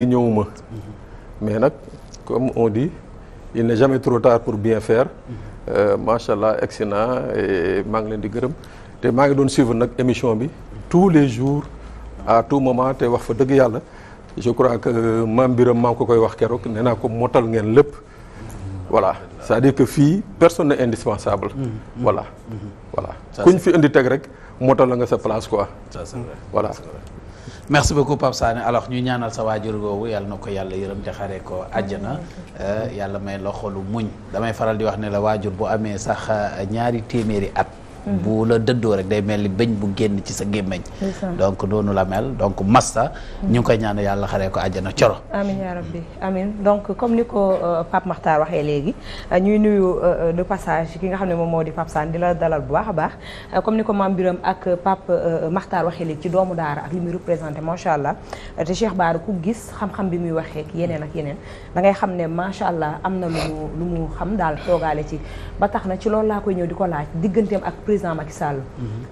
ñëwuma mais nag comme on di il n'est jamais trop tard pour bien faire euh, macha allah egsi naa maa ngi leen di gërëm te maa ngi doon suivre nag émission bi tous les jours à tout moment te wax fa dëgg yàlla je crois que maam Biram maa ngi ko koy wax keroog nee naa ko motal ngeen lépp voilà c'est-à-dire que fii personne n'est indispensable mm-hmm. Mm-hmm. voilà mm-hmm. voilà kuñ fi indi teg rek motal la nga sa place quoi wala merci beaucoup Pape Sané alors ñu ñaanal sa waajur googu yàlla na ko yàlla yërëm te xaree ko àjjana eh, yàlla may la xolu muñ damay faral di wax ne la waajur bu amee sax eh, ñaari téeméeri at Mm-hmm. bu la dëddoo rek day mel ni bëñ bu génn ci sa gémmiñ donc doonu la mel donc massa mm-hmm. ñu ngi koy ñaan yàlla xaree ko àjjana coro amin yaa rabbi amin donc comme ni ko euh, Pape Makhtar waxee léegi euh, ñuy nuyu euh, de passage ki nga xam ne moom moo di Pape Sane di la dalal bu a baax comme ni ko maam Biram ak Pape Makhtar waxee léegi ci doomu daara ak li muy représenté macha allah te Cheikh baar ku gis xam-xam bi muy waxee ak yeneen ak yeneen da ngay xam ne macha allah am na lu mu lu mu xam daal toogaale ci ba tax na ci loolu laa koy ñëw di ko laaj digganteem ak président Macky Sall.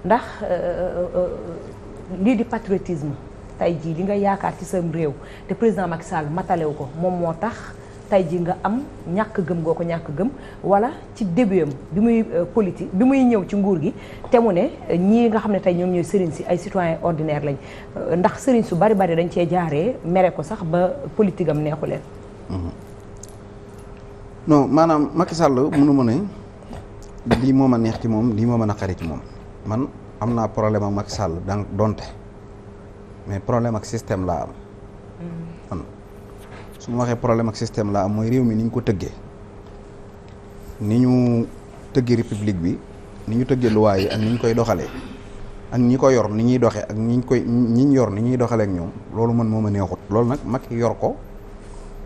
ndax euh, euh, euh, lii di patriotisme tey jii li nga yaakaar ci sam réew te président Macky Sall matalew ko moom moo tax tey jii nga am ñàkk gëm goo ko ñàkk gëm wala ci débutam bi muy politique bi muy ñëw ci nguur gi te mu ne ñi nga xam ne tey ñoom ñooy sëriñ si ay citoyen ordinaire lañ ndax sëriñ su bari bari dañ cee jaaree mere ko sax ba politique am neexu leen mm-hmm. non maanaam Macky Sall mënu ma lii moom ma neex ci moom lii moo ma naqari ci moom man am naa problème mag sàll Sall donc donte mais problème ak système laa am. Mm. su ma waxee problème ak système laa am mooy réew mi ni ñu ko tëggee ni ñu tëggee république bi ni ñu tëggee loi yi ak ni ñu koy doxalee ak ñi ko yor ni ñuy doxee ak ñi ñu koy ñi ñu yor ni ñuy doxaleek ñoom loolu man moo ma neexut loolu nag Macky yor ko.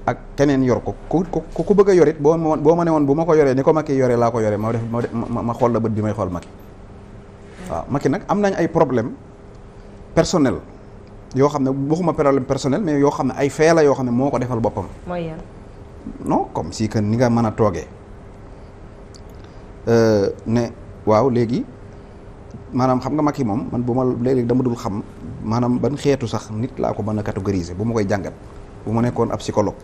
ak keneen yor ko ku ku ku bëgg a yor it boo ma boo ma ne woon bu ma ko yoree ni ko Macky yore laa ko yoree ma def ma xool la bët bi may xool Macky waaw Macky nag am nañ ay problème personnel yoo xam ne waxuma problème personnel mais yoo xam ne ay fee la yoo xam ne moo ko defal boppam. mooy yan. non comme si que ni nga mën a toogee euh, ne waaw léegi maanaam xam nga Macky moom man bu ma léeg-léeg dama dul xam maanaam ban xeetu sax nit laa ko mën a catégoriser bu ma koy jàngat bu ma nekkoon ab psychologue.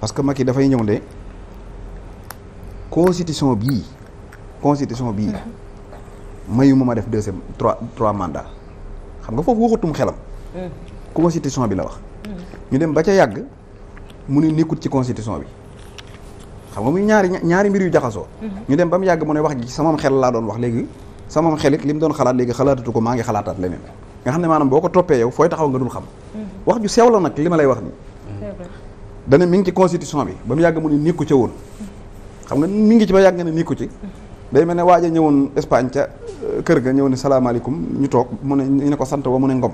parce que Macky dafay ñëw ne constitution bii constitution bii mhm. mayuma ma def deuxième trois trois mandats xam nga foofu waxutum xelam mhm. constitution bi la wax mhm. ñu dem ba ca yàgg mu ni nekkut ci constitution bi xam nga muy ñaari ñaari mbir yu jaxasoo ñu dem ba mu yàgg mu ne wax ji samam xel laa doon wax léegi sama xel it li mu doon xalaat léegi xalaatatu ko maa ngi xalaataat leneen nga xam ne maanaam boo ko toppee yow fooy taxaw nga dul xam wax ju sew la nag li ma lay wax dana mi ngi ci constitution bi ba mu yàgg mu ne nikku ca woon xam nga mi ngi ci ba yàgg nga ne nikku ci day mel ne waaj a ñëwoon Espagne ca euh, kër ga ñëw ne salaamaaleykum ñu toog mu ne ñu ne ko sant wa mu ne ngom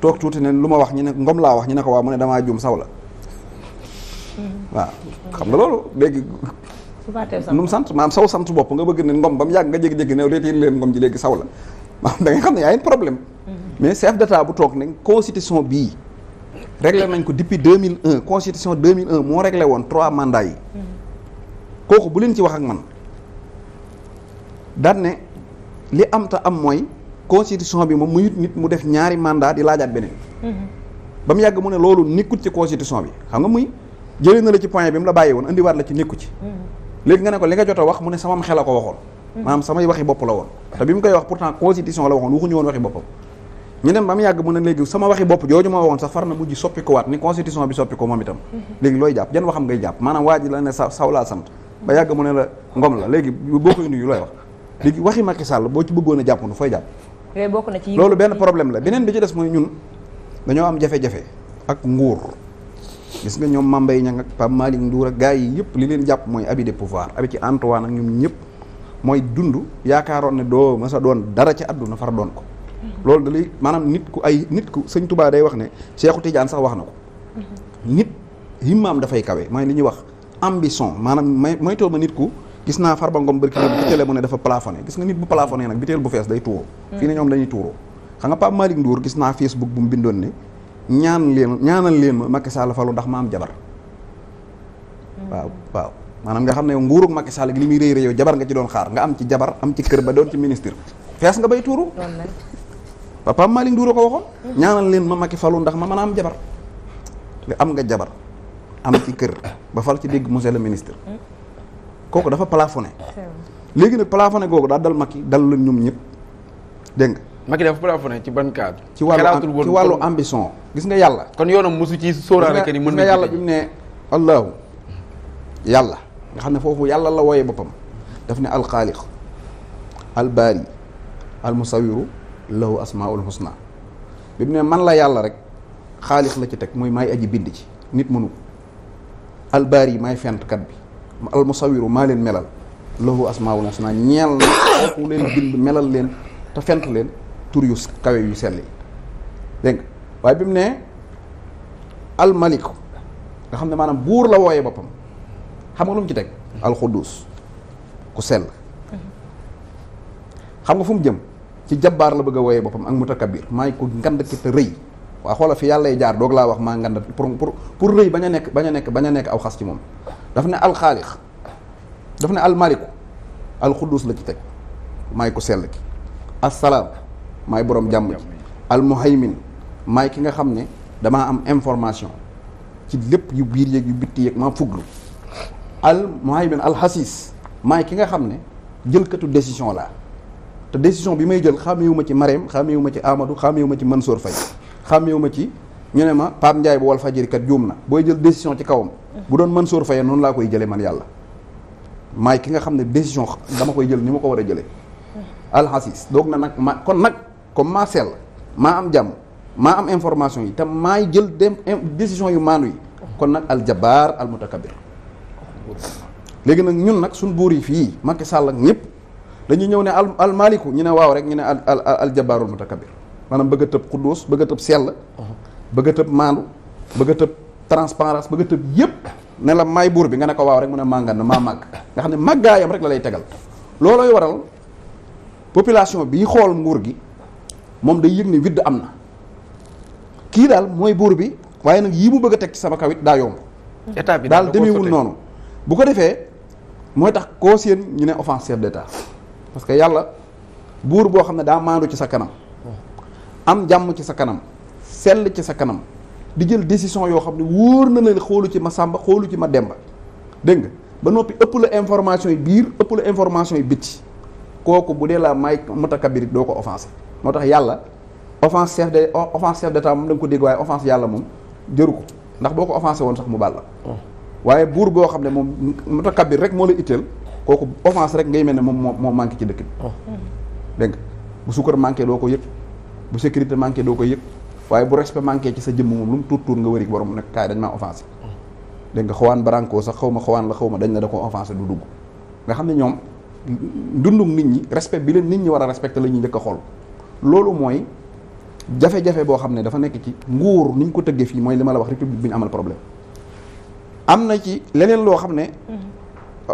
toog tuuti ne lu ma wax ñu ne ngom laa wax ñu ne ko waa mu ne damaa juum saw la waaw xam nga loolu léegi nu mu sant maanaam saw sant bopp nga bëgg ne ngom ba mu yàgg nga jéggi-jéggi ne léegi leen ngom ji léegi saw la maanaam da xam ne yaa ngi mm-hmm. mais chef d'état bu toog ne constitution bii réglé nañ ko depuis 2001 constitution 2001 moo réglé woon trois mandats yi. kooku bu leen ci wax ak man daan ne li am te am mooy constitution bi moom muyut nit mu def ñaari mandat di laajaat beneen. Mm-hmm. ba mu yàgg mu ne loolu nekkut ci constitution bi xam nga muy jëlee na la ci point bi mu la bàyyi woon indiwaat la ci nekku ci. Mm-hmm. léegi nga ne ko li nga jot a wax mu ne samam xel a ko waxoon. Mm-hmm. maanaam samay waxi bopp la woon. te bi mu koy wax pourtant la waxoon waxuñu woon ñu dem ba mu yàgg mu a léegi sama waxi bopp jooju ma waxoon sax far na mujj soppi ko waat ni constitution bi soppi ko moom itam léegi looy jàpp jan waxam ngay jàpp maanaam waa ji la ne sa saw laa sant ba yàgg mu ne la ngom wax léegi waxi Macky boo ci bëggoon a jàpp nu fooy jàpp eh, loolu benn problème la beneen bi ci mooy ñun dañoo am jafe-jafe ak nguur gis nga ñoom Mambay Niang ak Pape Malick nduur ak gars yi yëpp li leen jàpp mooy abus de pouvoir abi ci Antoine ak ñoom ñëpp mooy dund yaakaaroon ne doo ma sa doon dara ci àdduna far doon ko loolu da maanaam nit ku ay nit ku sëñ Touba day wax ne Cheikhu Tidiane sax wax na ko. nit am dafay kawe mooy li ñu wax ambition maanaam may moytoo ma nit ku. gis naa Farba Ngom barki bi ci télé ne dafa plafonné gis nga nit bu plafonné nag biteel bu fees day tuuroo fii ne ñoom dañuy tuuroo xam nga Pape Malick Ndour gis naa Facebook bu mu bindoon ne ñaan leen ñaanal leen ma Macky saala falu ndax ma am jabar waaw waaw maanaam nga xam ne nguurug Macky Sall li muy réy réy jabar nga ci doon xaar nga am ci jabar am ci kër ba doon ci ministre fees nga bay papa Malick Ndour a ko waxoon. ñaanal leen ma Macky falu ndax ma man a am jabar. te am nga jabar am ci kër ba fal ci dégg monsieur le ministre. kooku dafa plafonné. léegi nag plafonné googu daal dal Macky dal la ñoom ñëpp dégg nga. Macky dafa plafonné ci ban cadre. ci wàllu ci wàllu ambition. gis nga yàlla. kon yoonam mosu ci sóoraale que ni mën nga yàlla bi mu ne. allahu yàlla nga xam ne foofu yàlla la wooyee boppam daf ne alxaaliq albaari almusawiru lahu asmaul husna bi mu ne man la yàlla rek xaalis la ci teg mooy may aji bind ci nit mënu ko albaar yi maay fentkat bi al musawiru maa leen melal lahu asmaul husna ñeel na kooku leen bind melal leen te fent leen tur yu kawe yu sell yi dégg waaye bi mu ne almaliku nga xam ne maanaam buur la wooyee boppam xam nga lu mu ci teg alxudus ku sell xam nga fu mu jëm ci jabbaar la bëgg a wooyee boppam ak mutakabir maay ko ngand ki te rëy waa xoola fi yàlla jaar doog laa wax maa ngand pour pour pour rëy bañ a nekk bañ a nekk bañ a nekk aw xas ci moom dafa ne alxaalix daf ne almaliku alxudus la ci teg maay ko sell ki assalaam maay borom jàmm ji almuhaymin maay ki nga xam ne damaa am information ci lépp yu biir yeeg yu bitti yeeg maa fuglu al alxasiis maay ki nga xam ne jëlkatu décision laa te décision bi may jël xàmmeewuma ci Marème xàmmeewuma ci Amadou xàmmeewuma ci Mansour Faye xàmmeewuma ci ñu ne ma Pape Ndiaye bu wal fajiri kat juum na booy jël décision ci kawam bu doon Mansour Faye noonu laa koy jëlee man yàlla maay ki nga xam ne décision dama koy jël ni ma ko war a jëlee alxasis doog na nag ma kon nag comme maa sell maa am jàmm maa am information yi te maay jël dem décision yu maandu yi kon nag aljabaar almutakabir léegi nag ñun nag suñ buur yi fii Macky Sall ñëpp dañuy ñëw ne al al maliku ñu ne waaw rek ñu ne al al al jabaarul mutakabir maanaam bëgg a tëb xudduus bëgg a tëb sell. Uh-huh. bëgg tëb maandu bëgg tëb transparence bëgg a tëb yépp ne la may buur bi nga ne ko waaw rek mu ne màngan na maa màgg nga xam ne màggaayam rek la lay tegal loolooy waral population bi xool nguur gi moom day yëg ne widd am na kii daal mooy buur bi waaye nag yii mu bëgg a teg ci sama kawit daa yomb état bi daal demeewul noonu bu ko defee mooy tax koo ñu ne offense chef d'état parce que yàlla buur boo xam ne daa maandu ci sa kanam am jàmm ci sa kanam sell ci sa kanam di jël décision yoo xam ne wóor na leen xoolu ci ma sàmba xoolu ci ma demba dégg nga ba noppi ëpp la information yi biir ëpp la information yi bitti kooku bu dee laa may mutakabir doo ko offensé moo tax yàlla offense chef de offense chef d'état moom da ko dégg waaye offense yàlla moom jëru ko ndax boo ko offensé woon sax mu baal la oh. waaye buur boo xam ne moom mutakabir moo la kooku offense rek ngay mel ne moom moo moo manqué ci dëkk bi oh. dégg nga bu sukkar manqué doo ko yëg bu sécurité manqué doo ko yëg waaye bu respect manqué ci sa jëmm moom lu mu tuut tuut nga wëri borom nag kaay dañ maa offensé dégg nga xawaan branco sax xaw ma xawaan la xaw ma dañ la da ko offensé du dugg nga xam ne ñoom dundum nit ñi respect bi leen nit ñi war a respecté la ñuy njëkk xool loolu mooy jafe-jafe boo xam ne dafa nekk ci nguur ni ñu ko tëggee fii mooy li ma la wax république bi ñu amal problème am na ci loo xam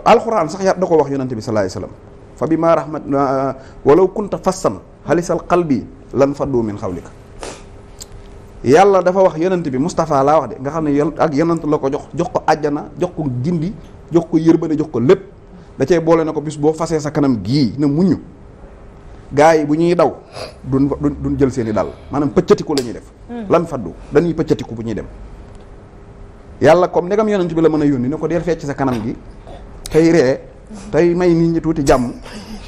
alxuraan sax ya da ko wax yonante bi sallallahu alayhi fa bi maa rahmat walaw kunta fassan xalisal qalbi lan faddu min xawlika yàlla dafa wax yonante bi Moustapha laa wax de nga xam ne yon ak yonant la ko jox jox ko àjjana jox ko gindi jox ko yërbane jox ko lépp da cee boole na ko bis boo fasee sa kanam gii na muñu gaa yi bu ñuy daw duñ duñ jël seeni i dàll maanaam pëccatiku la ñuy def hmm. lan faddu dañuy pëccatiku bu ñuy dem yàlla comme ndegam yonent bi la mën a yónni ne ko dee fecc sa kanam gi tey ree tey may nit ñi tuuti jàmm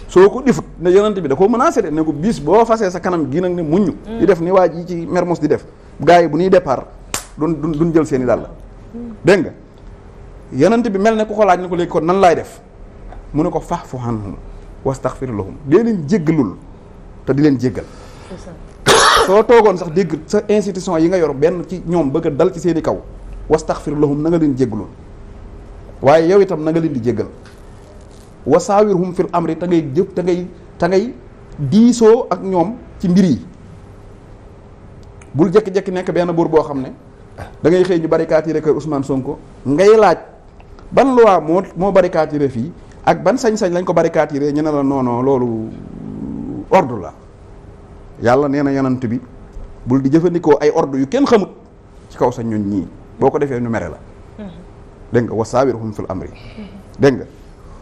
soo ko difut ne yonent bi da koo menacé de ne ko bis boo fasee sa kanam gi nag ne muññu di def ni waa ji ci mermos di def gars yi bu ñuy départ duñ duñ duñ jël seeni i dàll dégg nga yonent bi mel ne ku ko laaj ne ko léegi kon nan laay def mu ne ko fa'fu anhum wastaghfir lahum dee leen jéggalul te di leen jéggal soo toogoon sax dégg sa institution yi nga yor benn ci ñoom bëgg a dal ci seen i kaw wastaghfir lahum na nga leen jéggalul waaye yow itam na nga leen di jéggal wasaawirhum fil amri te ngay jëf te ngay te ngay diisoo ak ñoom ci mbir yi bul jékki-jékki nekk benn buur boo xam ne da ngay xëy ñu barikaatire kër Ousmane Sonko ngay laaj ban loi moo moo barikaatire fii ak ban sañ-sañ lañ ko barikaatire ñu ne la non loolu ordre la yàlla nee na yonant bi bul di jëfandikoo ay ordre yu kenn xamut ci kaw sa ñun ñii boo ko defee ñu mere la. dégg nga wa saawirhum fil amri dégg nga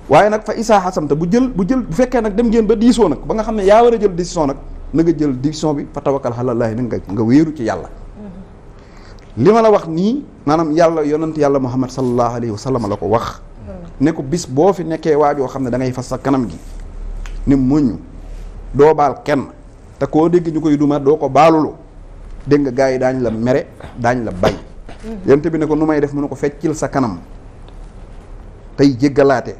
waaye nag fa isaa xasamta bu jël bu jël bu fekkee nag dem ngeen ba diisoo nag ba nga xam ne yaa war a jël décision nag na nga jël décision bi fa tawakkal alallaahi nag nga nga wéeru ci yàlla li ma la wax nii maanaam yàlla yonant yàlla muhammad sa alayhi wa sallam la ko wax ne ko bis boo fi nekkee waajoo xam ne da fas sa kanam gi ni muñu doo baal kenn te koo dégg ñu koy duma doo ko baalulu dégg gaa yi daañ la mere daañ la bay yonent bi ne ko nu may def mu ne ko feccil sa kanam tey jéggalaate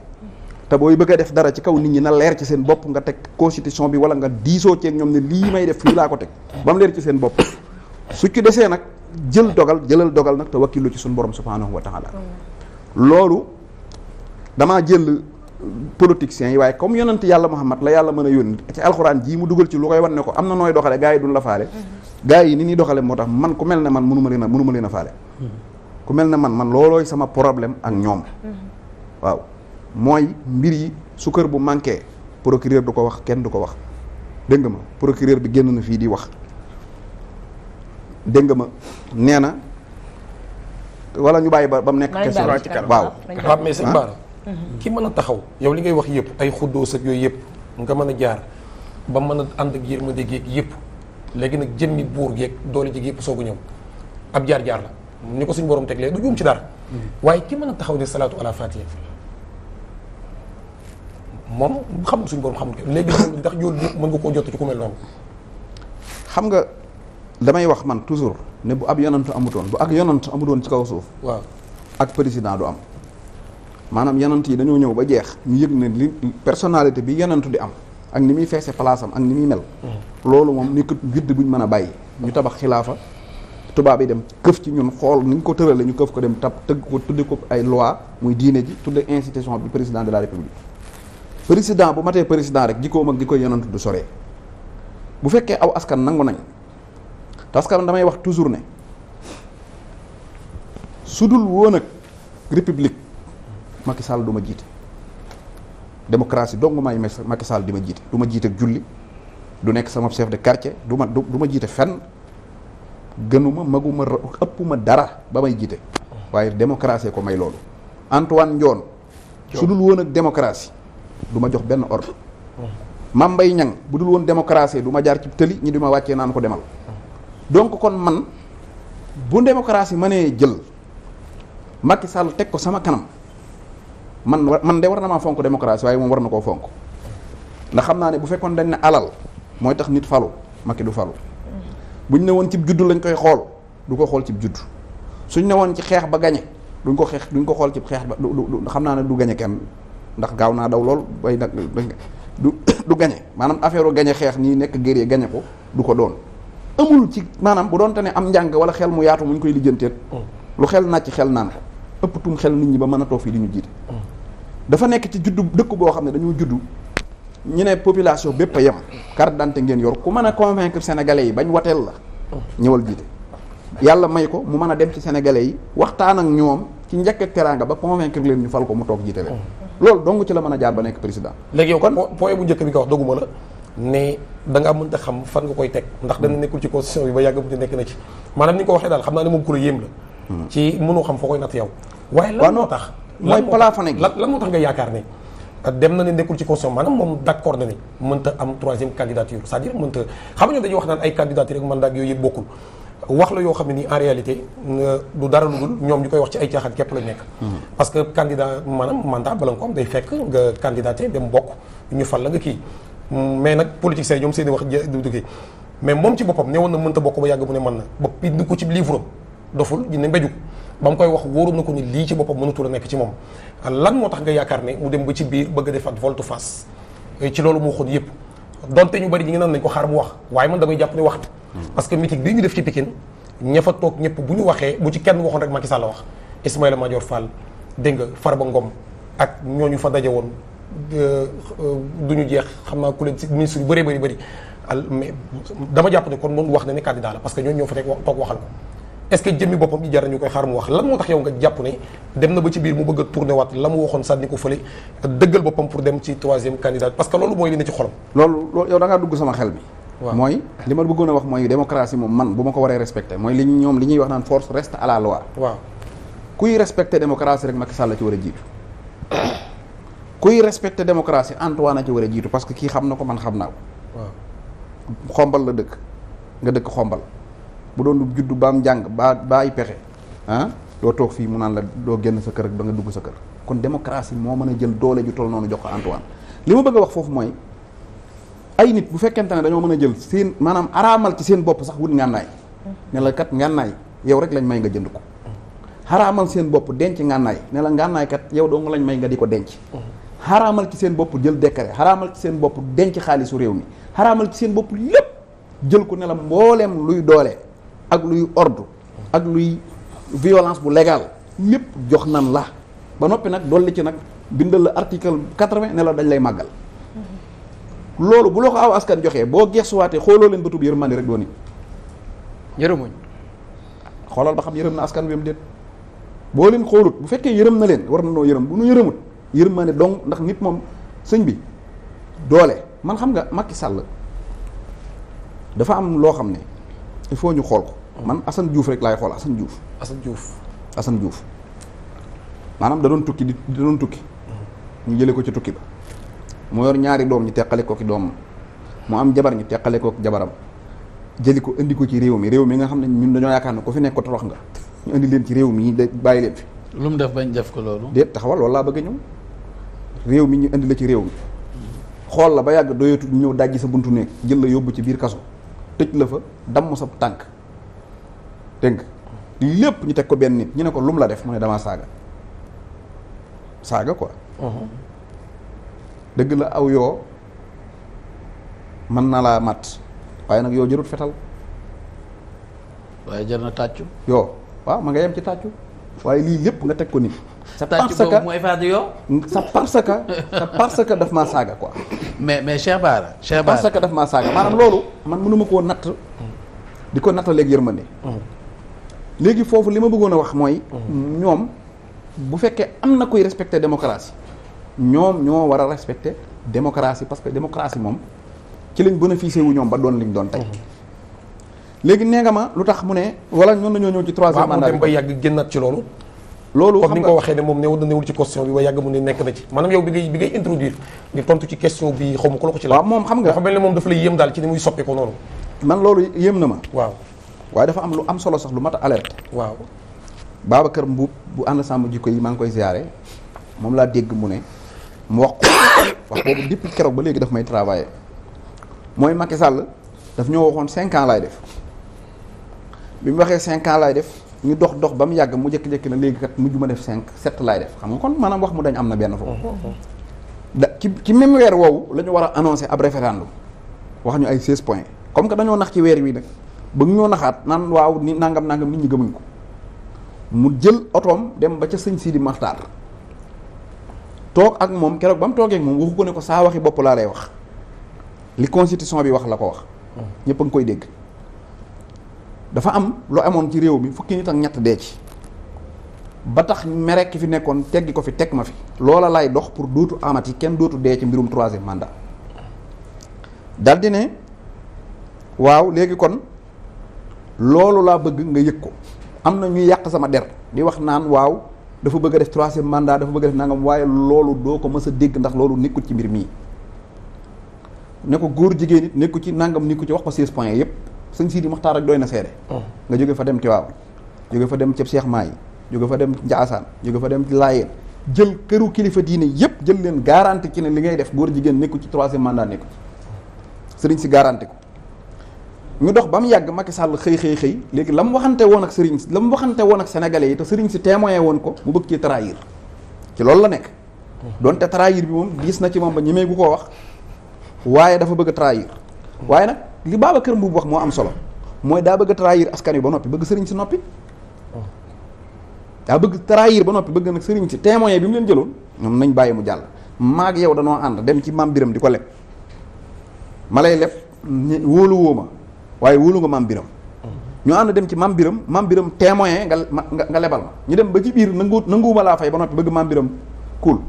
te booy bëgg a def dara ci kaw nit ñi na leer ci seen bopp nga teg constitution bi wala nga diisoo ceeg ñoom ne lii may def fii laa ko teg ba mu leer ci seen bopp su ci desee nag jël dogal jëlal dogal nag te wakkilu ci suñu borom subhaanahu wa taala loolu damaa jël politiciens yi waaye comme yonent yàlla Muhammad la yàlla mën a yónni ci alxuraan jii mu dugal ci lu koy wan ne ko am na nooy doxale gars yi duñ la faale gars yi ni ñuy moo tax man ku mel ne man mënuma leen a mënuma leen a ku mel na man man loolooy sama problème ak ñoom. waaw mooy mbir yi su kër bu manqué procureur du ko wax kenn du ko wax dégg nga ma procureur bi génn na fii di wax dégg nga ma nee na wala ñu bàyyi ba ba mu nekk. question waaw waaw mais sëñ Bara ah. mhm. ki mën a taxaw yow li ngay wax yépp ay xuddoos ak yooyu yëpp nga mën a jaar ba mën a ànd ak yërmande geeg yëpp léegi nag jëmmi buur geeg doole ji yëpp soog a ñëw ab jaar jaar la. ni ko suñu teg teglee du juum ci dara. Mm. waaye ki mën a taxaw ne salaatu ala fatiha moom xamul suñu borom xamul ko léegi loolu ndax jool bi mën nga koo jot ci ku mel noonu. xam nga damay wax man toujours ne bu ab yonant amutoon bu ak yonant amutoon ci kaw suuf. waaw ak président du am. maanaam yonant yi dañoo ñëw ba jeex ñu yëg ne li personnalité bi yonant di am ak ni muy feese place ak ni muy mel. Mm. loolu moom nekkut widd buñ mën a bàyyi. ñu tabax xilaafa. tubaab yi dem këf ci ñun xool ni ñu ko tëralee ñu këf ko dem tap tëgg ko tudde ko ay loi muy diine ji tudde institution bi président de la république président bu matee président rek jikkoom ak jikko yonent du soree bu fekkee aw askan nangu nañ te askan damay wax toujours ne su dul woon ak république Macky Sall du ma jiite démocratie dong may Macky Sall di ma jiite du ma jiite ak julli du nekk sama chef de quartier du ma du ma jiite fen gënuma maguma ëppuma dara ba may jiite waaye démocratie ko may loolu Antoine Ndione su dul woon ak démocratie du ma jox benn ordre Mame Mbaye Niang bu dul woon démocratie du ma jaar ci tëli ñi di ma wàccee naan ko demal donc kon man bu démocratie nee jël Macky Sall teg ko sama kanam man man de war na maa fonk démocratie waaye moom war na koo fonk ndax xam naa ne bu fekkoon dañ ne alal mooy tax nit falu Macky du falu buñ ne woon cib juddu lañ koy xool du ko xool cib juddu suñ ne woon ci xeex ba gañe duñ ko xeex duñ ko xool cib xeex ba du xam naa ne du gañe kenn ndax gaaw naa daw lool bay nag du du gañe maanaam affaire gañe xeex nii nekk yi gañe ko du ko doon amul ci maanaam bu doon ne am njàng wala xel mu yaatu mu ñu koy lijjanteet mm. lu xel naa ci xel naan ko ëpp tum xel nit ñi ba mën a toog fii di ñu jiite mm. dafa nekk ci juddu dëkk boo xam ne dañoo juddu ñu ne population bépp a yem carte d'identité ngeen yor ku mën a convaincre sénégalais yi bañ wateel la ñëwal jiite yàlla may ko mu mën a dem ci sénégalais yi waxtaan ak ñoom ci njëkk ak teraanga ba convaincre leen ñu fal ko mu toog jiite leen loolu dong ci la mën a jaar ba nekk président léegi yow kon point bu njëkk bi nga wax doguma la ne da mënta xam fan nga koy teg ndax dana nekkul ci constitution bi ba yàgg mënta nekk na ci maanaam ni nga ko waxee daal xam naa ne moom ku la yéem la hmm. ci mënoo xam foo koy natt lan moo tax mooy yaakaar ne dem na ne nekkul ci constitution maanaam moom d'accord na ni mënta am troisième candidature cest dire mënta xam nga ñoom dañuy wax naan ay candidature ak mandat yooyu yëpp bokkul wax la yoo xam ne ni en réalité euh, du dara lu dul ñoom ñu koy wax ci ay caaxaan képp lañ nekk. Hmm. parce que candidat maanaam mandat bala nga ko day fekk nga candidaté dem bokk ñu fal la nga kii mais nag politiciens ñoom seen i wax duggee mais moom ci boppam ne woon na mënta bokk ba yàgg m ne mën na ba ko ci livre am ba mu koy wax wóoru na ko ni lii ci boppam mënatul a nekk ci moom lan moo tax nga yaakaar ne mu dem ba ci biir bëgg a defaat volte face eh, ci loolu mu waxoon yëpp donte ñu bari ñi ngi naan nañ ko xaar mu wax waaye man damay jàpp ne wax hmm. parce que meeting bii ñu def ci Pikine ña ñëpp bu ñu waxee bu ci kenn waxoon rek Macky Sall la wax Ismaïla Madior Fall dégg nga Farba Ngom ak ñooñu fa daje woon euh, ñu jeex xam naa ku leen si ministre yu bëree bëri bëri mais dama jàpp ne kon moom wax ne candidat la parce que ñooñu ñoo fa toog waxal ko est-ce que jëmmi boppam ji jar ñu koy xaar mu wax lan moo tax yow nga jàpp ne dem na ba ci biir mu bëgg a tourné waat la mu waxoon sànni ko fële dëggal boppam pour dem ci troisième candidat parce que loolu mooy li ne ci xolam loolu loolu yow da ngaa dugg sama xel bi waaw mooy li ma bëggoon a wax mooy démocratie moom man bu ma ko waree respecté mooy li ñoom li ñuy wax naan force reste à la kuy respecté démocratie rek Macky Sall la ci war a jiitu kuy respecté démocratie Antoine a ci war a parce que kii xam na ko man xam naa xombal la dëkk dëkk xombal bu doon juddu baam njàng baa baa ay pexe ah doo toog fii mu naan la doo génn sa kër ak da nga dugg sa kër kon démocratie moo mën a jël doole ju toll noonu jox ko Antoine li ma bëgg a wax foofu mooy ay nit bu fekkente ne dañoo mën a jël seen maanaam araamal ci seen bopp sax wut ngànnaay ne la kat ngànnaay yow rek lañ may nga jënd ko xaraamal seen bopp denc ngànnaay ne la ngànnaay yow dong lañ may nga di ko denc xaraamal ci seen bopp jël décret xaraamal ci seen bopp denc xaalisu réew mi xaraamal ci seen bopp lépp jël ko ne la mbooleem luy doole ak luy ordre ak luy violence bu légale lépp jox nan la ba noppi nag dolli ci nag bindal la article quatre-vingt ne la dañ lay màggal loolu bu la ko aw askan joxe boo geesuwaatee xooloo leen bëtub yërmande rek dooni yërëmuñ xoolal ba xam yërëm na askan wi mu déet boo leen xoolut bu fekkee yërëm na leen war na noo yërëm bu nu yërëmut yërmande dong ndax nit moom sëñ bi doole man xam nga Macky Sall dafa am loo xam ne il faut ñu xool ko. man Assane Diouf rek laay xool Assane Diouf. Assane Diouf Assane Diouf maanaam da doon tukki di da doon tukki. Mm-hmm. ñu jëlee ko ci tukki ba. mu yor ñaari doom ñu teqale ko ki doomam mu am jabar ñu teqale ko ak jabaram jëli ko indi ko ci réew mi réew mi nga xam ne ñun dañoo yaakaar ne ku fi nekk ko torox nga ñu indi leen ci réew mi de bàyyi leen fi. lu mu def bañ def ko loolu. déet taxawal loolu laa bëgg ñëw réew mi ñu indi la ci réew mi mm-hmm. xool la ba yàgg doyatu ñëw dajji sa buntu néeg jël la yóbbu ci biir kaso tëj la fa damm sa tànk dégg lépp ñu teg ko benn nit ñu ne ko lum la def mu ne damaa saaga saaga quoi. Uh-huh. dëgg la aw yoo mën naa laa mat waaye nag yoo jërut fetal. waaye jar na tàccu. yoo waaw ma nga yem ci tàccu waaye lii lépp nga teg ko nit. c'est parce que mooy faatu yow. c'est parce que c'est parce que daf maa saaga quoi. mais mais Cheikh Bara. Cheikh Bara parce que daf maa saaga maanaam loolu. man mënuma koo natt. di ko nattaleeg yërmande. léegi foofu li ma bëggoon a wax mooy. ñoom bu fekkee am na kuy respecter démocratie ñoom ñoo war a respecter démocratie parce que démocratie moom ci lañ bénéficier wu ñoom ba doon liñ doon tey. léegi nee ma lu tax mu ne wala ñoom dañoo ñëw ci troisième mandat bi waaw mu ba yàgg génnaat ci loolu. loolu comme ni nga waxee ne moom new na néewul ci question bi waaye yàgg mu ne nekk na ci maanaam yow bi ngay bi ngay introduire di tontu ci question bi xaw ma ko la ko ci la waaw moom xam nga dafa man loolu yéem na ma waaw waaye dafa am lu am solo sax lu mat alerte waaw Babacar Mbuub bu ànd sàmm jikko yi maa ngi koy ziare moom laa dégg mu ne mu wax wax boobu depuis keroog ba léegi daf may travailler mooy Macky Sall daf ñoo waxoon cinq laay def bi mu waxee cinq ans laay def ñu dox dox ba mu yàgg mu jékki-jékki na léegi kat mujj ma def cinq sept laay def xam nga kon maanaam wax mu dañ am na benn foofu. Mm-hmm. Mm-hmm. da ci ci même weer woowu la ñu war a annoncé ab référendum wax ñu ay seize points comme que dañoo nax ci weer wi nag ba ñoo naxaat naan waaw ni nangam nangam nit ñi gëmuñ ko mu jël otoom dem ba ca sëñ Sidi Maxtaar toog ak moom keroog ba mu toogee moom waxu ko ne ko saa waxi bopp laa lay wax li constitution bi wax la ko wax. Mm-hmm. ñëpp a koy dégg. dafa am lu amoon ci réew mi fukki nit ak ñett dee ci ba tax mere ki fi nekkoon teggi ko fi teg ma fi loola laay dox pour dootu amati kenn dootu dee ci mbirum troisième mandat daldi ne waaw léegi kon loolu laa bëgg nga yëg ko am na ñuy yàq sama der di wax naan waaw dafa bëgg a def troisième mandat dafa bëgg def nangam waaye loolu doo ko mës a dégg ndax loolu nekkul ci mbir mii ne ko góor jigéen nekku ci nangam nekku ci wax ko seize points yëpp sëñ Sidi Muxtaar rek doy na seere oh. nga jóge fa dem Tiwaawan jóge fa dem ci Seex Maay jóge fa dem Njaasaan jóge fa dem Laayeen jël këru kilifa diine yépp jël leen garanti ci ne li ngay def góor jigéen nekku ci troisième mandat nekku ci sëriñ si garanti ko ñu dox ba mu yàgg Macky sàll xëy xëy xëy léegi la mu waxante woon ak sëriñ si la mu waxante woon ak sénégalais te sëriñ si témoin woon ko mu bëgg cee trahir ci loolu la nekk donte trahir bi moom gis na ci moom ba ñemee gu ko wax waaye dafa bëgg a trahir waaye nag li Babacar Mbuub wax moo am solo mooy daa bëgg a askan wi ba noppi bëgg sëriñ si noppi daa bëgg trahir ba noppi bëgg nag sëriñ si témoin bi mu leen jëloon ñoom nañ bàyyi mu jàll maag yow danoo ànd dem ci maam biram di ko leb ma lay leb wóolu woo ma waaye maam biram ñu ànd dem ci maam biram maam biram témoin nga nga lebal ma ñu dem ba ci biir nangu nanguwuma laa fay ba noppi bëgg maam biram kuul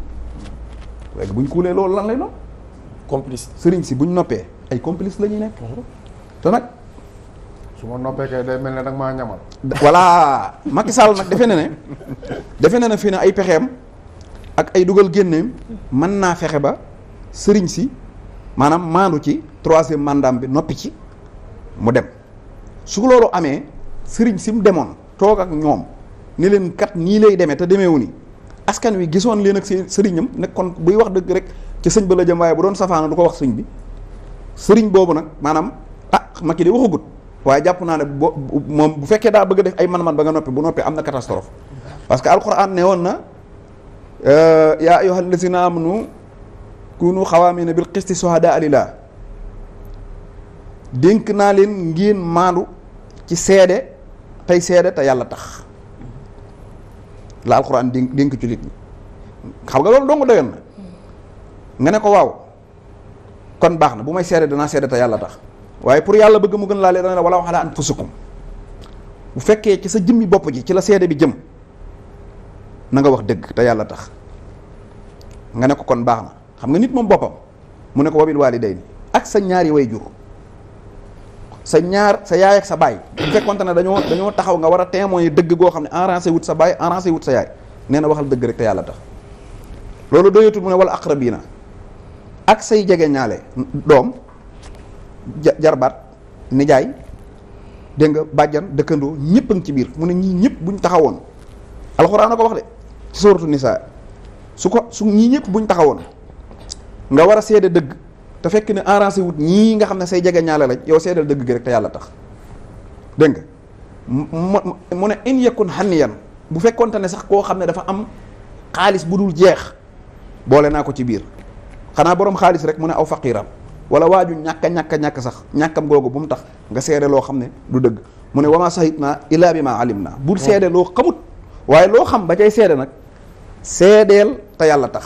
léegi bu ñu kuulee loolu lan lay doon complice sëriñ si bu ñu noppee ay complice la ñuy nekk. Mhm. te nag. su ma noppee kay day mel ne nag maa ñamal. voilà Macky Sall nag defe na ne defe na ne fii ne ay pexeem ak ay dugal génneem man naa fexe ba sëriñ si maanaam maandu ci troisième mandat bi noppi ci mu dem su loolu amee sëriñ si mu demoon toog ak ñoom ni leen kat nii lay demee te demeewu ni askan wi gisoon leen ak seen sëriñam ne buy wax dëgg rek ci sëñ ba la jëm waaye bu doon safaana du ko wax sëñ bi. sëriñ boobu nag maanaam ah Macky de waxagut waaye jàpp naa ne bo moom bu fekkee daa bëgg a def ay man-man ba nga noppi bu noppi am na catastrophe parce que alquran ne woon na euh, yaa nu lazina amanu kunu xawaamina bil qisti suhadaa lillah dénk naa leen ngeen maandu ci seede tey seede te yàlla tax la alquran dénk dénk ci nit xam nga loolu dong doyoon na nga ne ko waaw kon baax na bu may seede danaa seede te yàlla tax waaye pour yàlla bëgg mu gën laa lee dana la wala wax laa anfusukum bu fekkee ci sa jëmmi bopp ji ci la seede bi jëm na nga wax dëgg te yàlla tax nga ne kon baax na xam nga nit moom boppam mu ne ko wabil waalidayni ak sa ñaari way jur sa ñaar sa yaay ak sa baay bu fekkonte ne dañoo dañoo taxaw nga war a yi dëgg goo xam ne arrangé wut sa baay arrangé wut sa yaay nee na waxal dëgg rek te yàlla tax loolu doyatul mu ne wala ak say jege ñaale doom jarbaat nijaay dégg nga bàjjan dëkkandoo ñëpp a ci biir mu ne ñii ñëpp buñ taxawoon alxuraan a ko wax de ci sooratu nisaa su ko su ñii ñëpp buñ taxawoon nga war a seede dëgg te fekk ne arrangé wut ñii nga xam ne say jege ñaale lañ yow seedal dëgg gi rek te yàlla tax dégg nga mu ne in yakun yan bu fekkonte ne sax koo xam ne dafa am xaalis bu dul jeex boole naa ko ci biir xanaa boroom xaalis rek mu ne aw faqiiram wala waaju ñàkk a ñàkk a ñàkk sax ñàkkam googu bu mu tax nga seede loo xam ne du dëgg mu ne wama sahit naa illaa bi ma alim naa bul hmm. seede loo xamut waaye loo xam ba cay seede nag seedeel te yàlla tax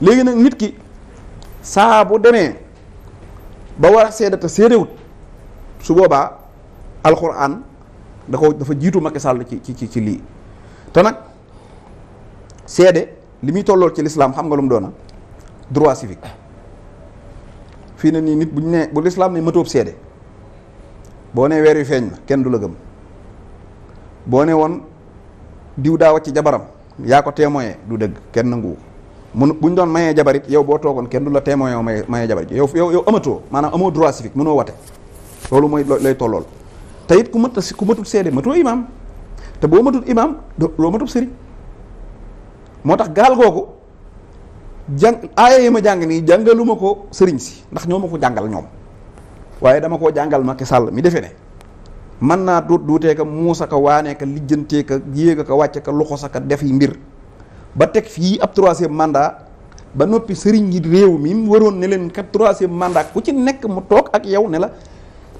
léegi nag nit ki saa bu demee ba war a seede te seedewut su boobaa alxuraan da ko dafa jiitu Macky Sall ci ci ci lii te nag seede li muy tollool ci lislaam xam nga lu mu doona droit civique fii ne nii nit bu ñu nee bu lislaam ne matoob seede boo nee weer wi feeñ na kenn du la gëm boo ne woon diw daa wàcc jabaram yaa ko témoin du dëgg kenn nangu mun bu ñu doon mayee jabarit yow boo toogoon kenn du la témoin yow may mayee jabarit yow yow yow amatoo maanaam amoo droit civique mënoo wate loolu mooy lay tollool te it ku mat ku matut seede matoo imaam te boo matut imaam loo matut sëriñ moo tax gaal googu jàng aaya yi ma jàng nii jàngaluma ko sëriñ si ndax ñoo ma ko jàngal ñoom waaye dama koo jàngal ma ki Sall mi defe ne mën naa duut duutee ka muusa ka waanee ka lijjantee ka ko ka wàcce ka loxosa ka def yi mbir ba teg fii ab troisième mandat ba noppi sëriñ yi réew mi mu waroon ne leen kat troisième mandat ku ci nekk mu toog ak yow ne la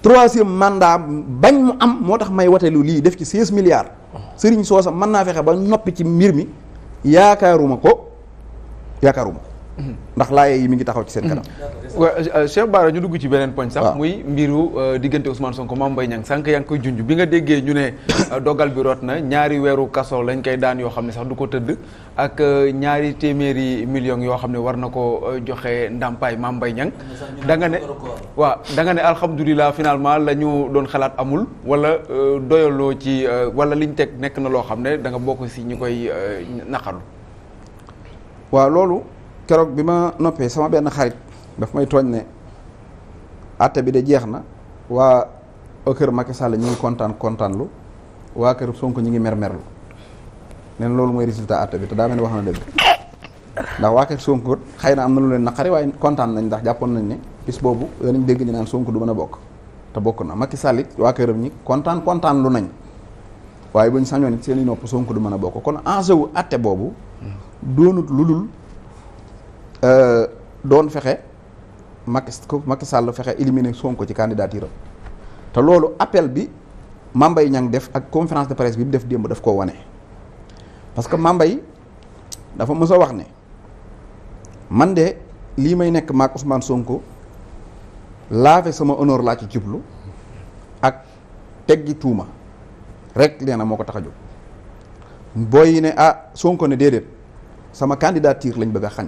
troisième mandat bañ mu am moo tax may watelu lii def ci 16 milliards oh. sëriñ soosa mën naa fexe ba noppi ci mbir mi yaakaaruma ko yaakaaruma ndax laaye yi mi ngi taxaw ci seen kanam. waaw mm-hmm. euh, euh, Cheikh Bara ñu dugg ci beneen poñ sax. Ah. muy mbiru euh, diggante Ousmane Sonko Mame Mbaye Niang sànq yaa ngi koy junj bi nga déggee ñu ne dogal bi root na ñaari weeru kaso lañ koy daan yoo xam ne sax du ko tëdd ak ñaari téeméeri million yoo xam ne war na ko joxe ndàmpaay Mame Mbaye Niang. da nga ne waa da nga ne alhamdulilah finalement la ñu doon xalaat amul wala doyaloo ci wala liñ teg nekk na loo xam ne da nga bokk si ñi koy naqaru. waaw loolu keroog bi ma noppee sama benn xarit daf may tooñ ne àtte bi de jeex na waa kër Macky Sall ñu ngi kontaan kontaan lu waa kër Sonko ñu ngi mer merlu loolu mooy résultat àtte bi te daa mel ni wax na dëgg ndax waa kër xëy na am na lu leen naqari waaye kontaan nañ ndax jàppoon nañ ne bis boobu danañ dégg ñu naan Sonko du mën a bokk te bokk na Macky Sall it waa këram ñi kontaan kontaanlu nañ waaye buñ sañoon it seen i nopp Sonko du mën a bokk kon enjeu wu àtte boobu doonut lu dul euh, doon fexe ko Macky Sall fexe éliminer Sonko ci candidature am te loolu appel bi mamba Mambay Niang def ak conférence de presse bi mu def démb daf ko wane parce que yi dafa mës a wax ne man de lii may nekk maak Ousmane Sonko laafe sama honneur laa ci jublu ak teggi tuuma rek leena moo ko tax a jóg booy ne ah Sonko ne déedéet. sama candidature lañ bëgg a xañ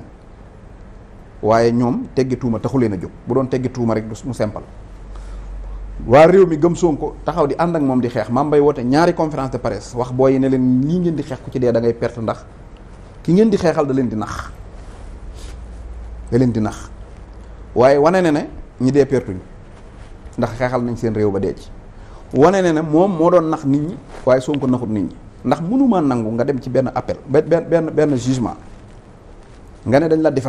waaye ñoom teggi taxu leen a jóg bu doon teggi tuuma rek mu sempal waa réew mi gëm Sonko taxaw di ànd ak moom di xeex Mame Mbaye wote ñaari conférence de presse wax booy ne leen lii ngeen di xeex ku ci dee dangay ngay perte ndax ki ngeen di xeexal da leen di nax da leen di nax waaye wane ne ne ñi dee pertuñ ndax xeexal nañ seen réew ba dee ci wane ne ne moom moo doon nax nit ñi waaye Sonko naxut nit ñi ndax mënuma nangu nga dem ci benn appel benn benn benn jugement nga ne dañ la defar